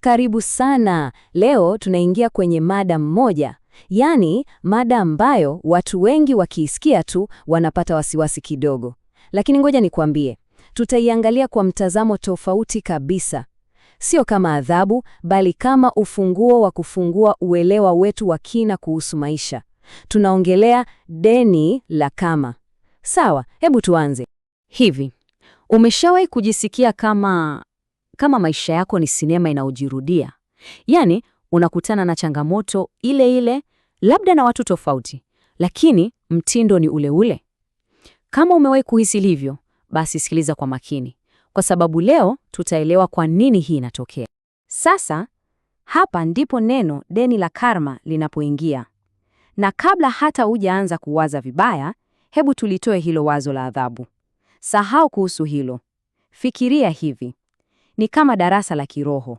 Karibu sana. Leo tunaingia kwenye mada mmoja, yaani mada ambayo watu wengi wakiisikia tu wanapata wasiwasi kidogo, lakini ngoja nikwambie, tutaiangalia kwa mtazamo tofauti kabisa, sio kama adhabu, bali kama ufunguo wa kufungua uelewa wetu wa kina kuhusu maisha. Tunaongelea deni la kama. Sawa, hebu tuanze hivi. Umeshawahi kujisikia kama kama maisha yako ni sinema inayojirudia. Yaani unakutana na changamoto ile ile, labda na watu tofauti, lakini mtindo ni ule ule. Kama umewahi kuhisi hivyo, basi sikiliza kwa makini, kwa sababu leo tutaelewa kwa nini hii inatokea. Sasa hapa ndipo neno deni la karma linapoingia. Na kabla hata hujaanza kuwaza vibaya, hebu tulitoe hilo wazo la adhabu. Sahau kuhusu hilo. Fikiria hivi: ni kama darasa la kiroho,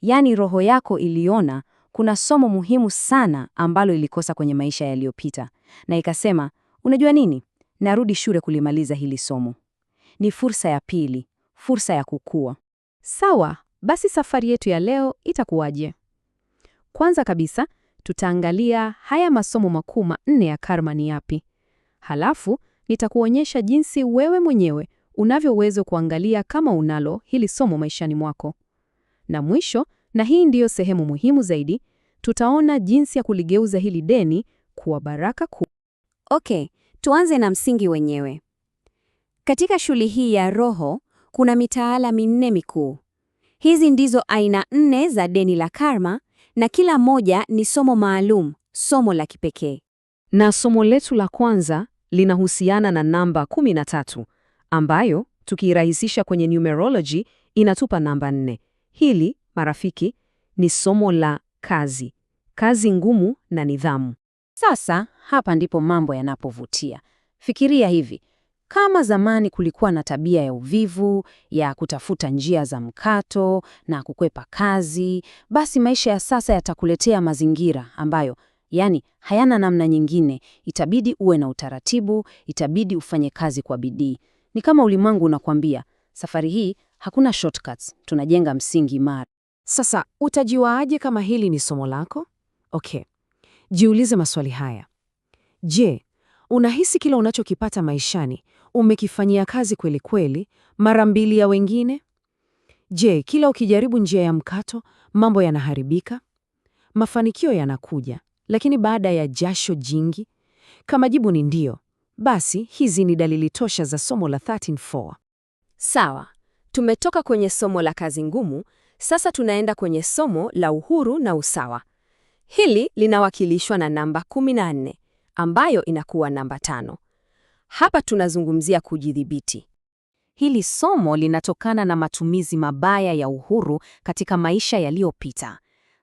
yaani roho yako iliona kuna somo muhimu sana ambalo ilikosa kwenye maisha yaliyopita, na ikasema, unajua nini, narudi shule kulimaliza hili somo. Ni fursa ya pili, fursa ya kukua. Sawa, basi safari yetu ya leo itakuwaje? Kwanza kabisa tutaangalia haya masomo makuu manne ya karma ni yapi. Halafu nitakuonyesha jinsi wewe mwenyewe unavyoweza kuangalia kama unalo hili somo maishani mwako. Na mwisho, na hii ndiyo sehemu muhimu zaidi, tutaona jinsi ya kuligeuza hili deni kuwa baraka kuu. Okay, tuanze na msingi wenyewe. Katika shule hii ya roho kuna mitaala minne mikuu. Hizi ndizo aina nne za deni la karma na kila moja ni somo maalum, somo la kipekee. Na somo letu la kwanza linahusiana na namba 13, ambayo tukiirahisisha kwenye numerology inatupa namba nne. Hili marafiki, ni somo la kazi, kazi ngumu na nidhamu. Sasa hapa ndipo mambo yanapovutia. Fikiria hivi, kama zamani kulikuwa na tabia ya uvivu, ya kutafuta njia za mkato na kukwepa kazi, basi maisha ya sasa yatakuletea mazingira ambayo yaani hayana namna nyingine. Itabidi uwe na utaratibu, itabidi ufanye kazi kwa bidii. Ni kama ulimwengu unakwambia safari hii hakuna shortcuts, tunajenga msingi imara. Sasa utajiwaaje kama hili ni somo lako? Okay, jiulize maswali haya. Je, unahisi kila unachokipata maishani umekifanyia kazi kweli kweli mara mbili ya wengine? Je, kila ukijaribu njia ya mkato mambo yanaharibika? Mafanikio yanakuja, lakini baada ya jasho jingi? Kama jibu ni ndio, basi hizi ni dalili tosha za somo la 13.4. Sawa, tumetoka kwenye somo la kazi ngumu, sasa tunaenda kwenye somo la uhuru na usawa. Hili linawakilishwa na namba 14 ambayo inakuwa namba tano. Hapa tunazungumzia kujidhibiti. Hili somo linatokana na matumizi mabaya ya uhuru katika maisha yaliyopita.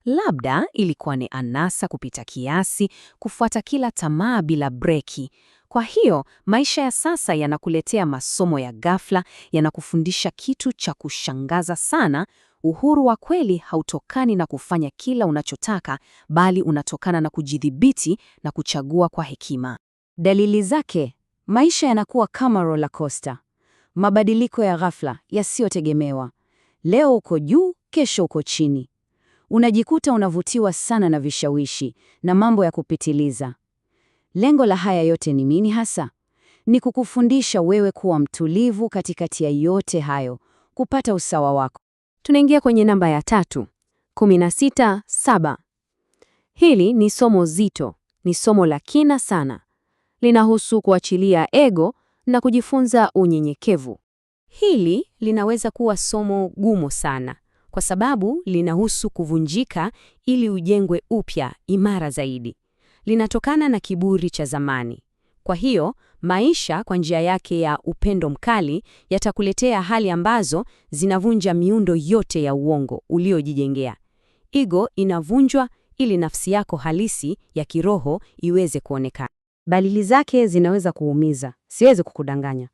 Labda ilikuwa ni anasa kupita kiasi, kufuata kila tamaa bila breki, kwa hiyo maisha ya sasa yanakuletea masomo ya ghafla, yanakufundisha kitu cha kushangaza sana. Uhuru wa kweli hautokani na kufanya kila unachotaka, bali unatokana na kujidhibiti na kuchagua kwa hekima. Dalili zake, maisha yanakuwa kama roller coaster, mabadiliko ya ghafla yasiyotegemewa. Leo uko juu, kesho uko chini. Unajikuta unavutiwa sana na vishawishi na mambo ya kupitiliza. Lengo la haya yote ni nini hasa? Ni kukufundisha wewe kuwa mtulivu katikati ya yote hayo, kupata usawa wako. Tunaingia kwenye namba ya tatu, sita saba. Hili ni somo zito, ni somo la kina sana. Linahusu kuachilia ego na kujifunza unyenyekevu. Hili linaweza kuwa somo gumu sana kwa sababu linahusu kuvunjika ili ujengwe upya imara zaidi linatokana na kiburi cha zamani. Kwa hiyo maisha kwa njia yake ya upendo mkali yatakuletea hali ambazo zinavunja miundo yote ya uongo uliojijengea. Ego inavunjwa ili nafsi yako halisi ya kiroho iweze kuonekana. Dalili zake zinaweza kuumiza, siwezi kukudanganya.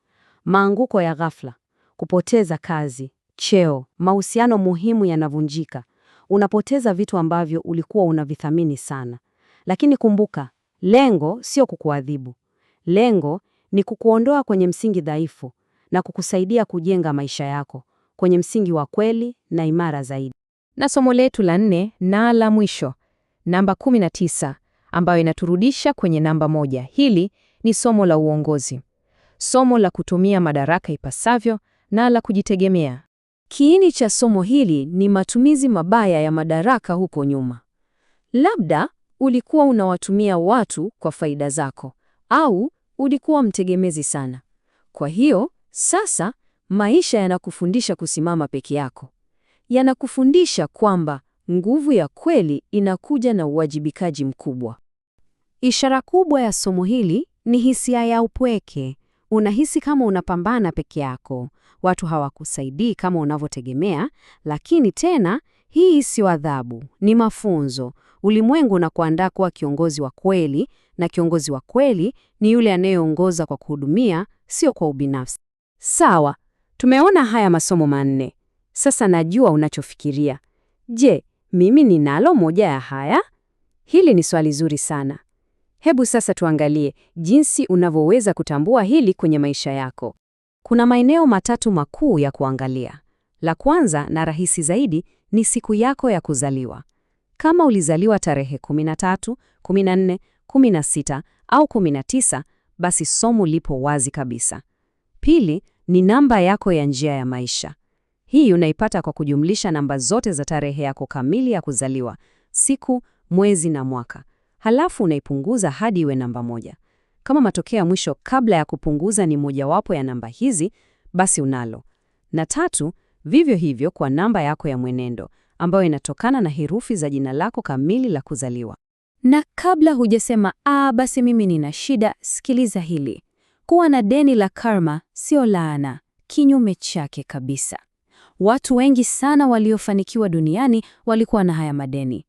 Maanguko ya ghafla, kupoteza kazi, cheo, mahusiano muhimu yanavunjika. Unapoteza vitu ambavyo ulikuwa unavithamini sana. Lakini kumbuka, lengo sio kukuadhibu. Lengo ni kukuondoa kwenye msingi dhaifu na kukusaidia kujenga maisha yako kwenye msingi wa kweli na imara zaidi. Na somo letu la nne na la mwisho, namba 19, ambayo inaturudisha kwenye namba moja. Hili ni somo la uongozi, somo la kutumia madaraka ipasavyo na la kujitegemea. Kiini cha somo hili ni matumizi mabaya ya madaraka huko nyuma. Labda ulikuwa unawatumia watu kwa faida zako au ulikuwa mtegemezi sana. Kwa hiyo sasa maisha yanakufundisha kusimama peke yako, yanakufundisha kwamba nguvu ya kweli inakuja na uwajibikaji mkubwa. Ishara kubwa ya somo hili ni hisia ya upweke. Unahisi kama unapambana peke yako, watu hawakusaidii kama unavyotegemea. Lakini tena hii sio adhabu, ni mafunzo ulimwengu unakuandaa kuwa kiongozi wa kweli, na kiongozi wa kweli ni yule anayeongoza kwa kuhudumia, sio kwa ubinafsi. Sawa, tumeona haya masomo manne. Sasa najua unachofikiria. Je, mimi ninalo moja ya haya? Hili ni swali zuri sana. Hebu sasa tuangalie jinsi unavyoweza kutambua hili kwenye maisha yako. Kuna maeneo matatu makuu ya kuangalia. La kwanza na rahisi zaidi ni siku yako ya kuzaliwa. Kama ulizaliwa tarehe 13, 14, 16 au 19, basi somo lipo wazi kabisa. Pili ni namba yako ya njia ya maisha. Hii unaipata kwa kujumlisha namba zote za tarehe yako kamili ya kuzaliwa, siku, mwezi na mwaka, halafu unaipunguza hadi iwe namba moja. Kama matokeo ya mwisho kabla ya kupunguza ni mojawapo ya namba hizi, basi unalo. Na tatu, vivyo hivyo kwa namba yako ya mwenendo ambayo inatokana na herufi za jina lako kamili la kuzaliwa. Na kabla hujasema ah, basi mimi nina shida, sikiliza hili. Kuwa na deni la karma sio laana, kinyume chake kabisa. Watu wengi sana waliofanikiwa duniani walikuwa na haya madeni.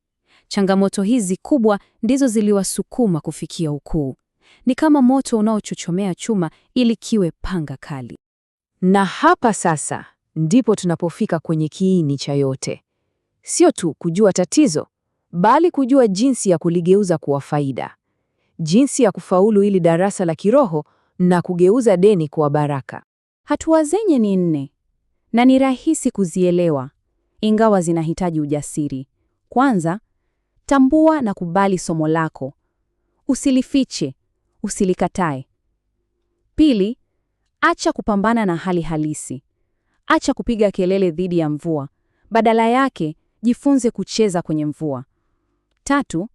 Changamoto hizi kubwa ndizo ziliwasukuma kufikia ukuu. Ni kama moto unaochochomea chuma ili kiwe panga kali. Na hapa sasa ndipo tunapofika kwenye kiini cha yote sio tu kujua tatizo, bali kujua jinsi ya kuligeuza kuwa faida, jinsi ya kufaulu ili darasa la kiroho na kugeuza deni kuwa baraka. Hatua zenye ni nne na ni rahisi kuzielewa, ingawa zinahitaji ujasiri. Kwanza, tambua na kubali somo lako, usilifiche, usilikatae. Pili, acha kupambana na hali halisi, acha kupiga kelele dhidi ya mvua. Badala yake jifunze kucheza kwenye mvua. Tatu,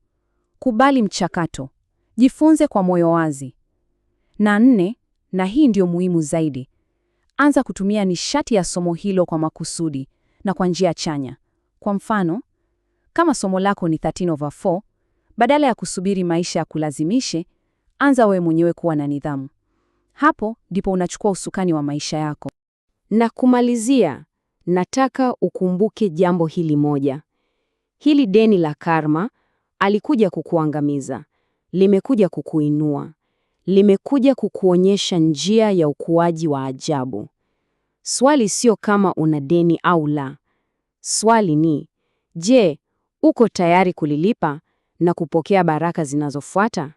kubali mchakato, jifunze kwa moyo wazi. Na nne, na hii ndio muhimu zaidi, anza kutumia nishati ya somo hilo kwa makusudi na kwa njia chanya. Kwa mfano, kama somo lako ni 13 over 4, badala ya kusubiri maisha ya kulazimishe, anza wewe mwenyewe kuwa na nidhamu. Hapo ndipo unachukua usukani wa maisha yako. Na kumalizia, nataka ukumbuke jambo hili moja. Hili deni la karma alikuja kukuangamiza, limekuja kukuinua, limekuja kukuonyesha njia ya ukuaji wa ajabu. Swali sio kama una deni au la. Swali ni je, uko tayari kulilipa na kupokea baraka zinazofuata?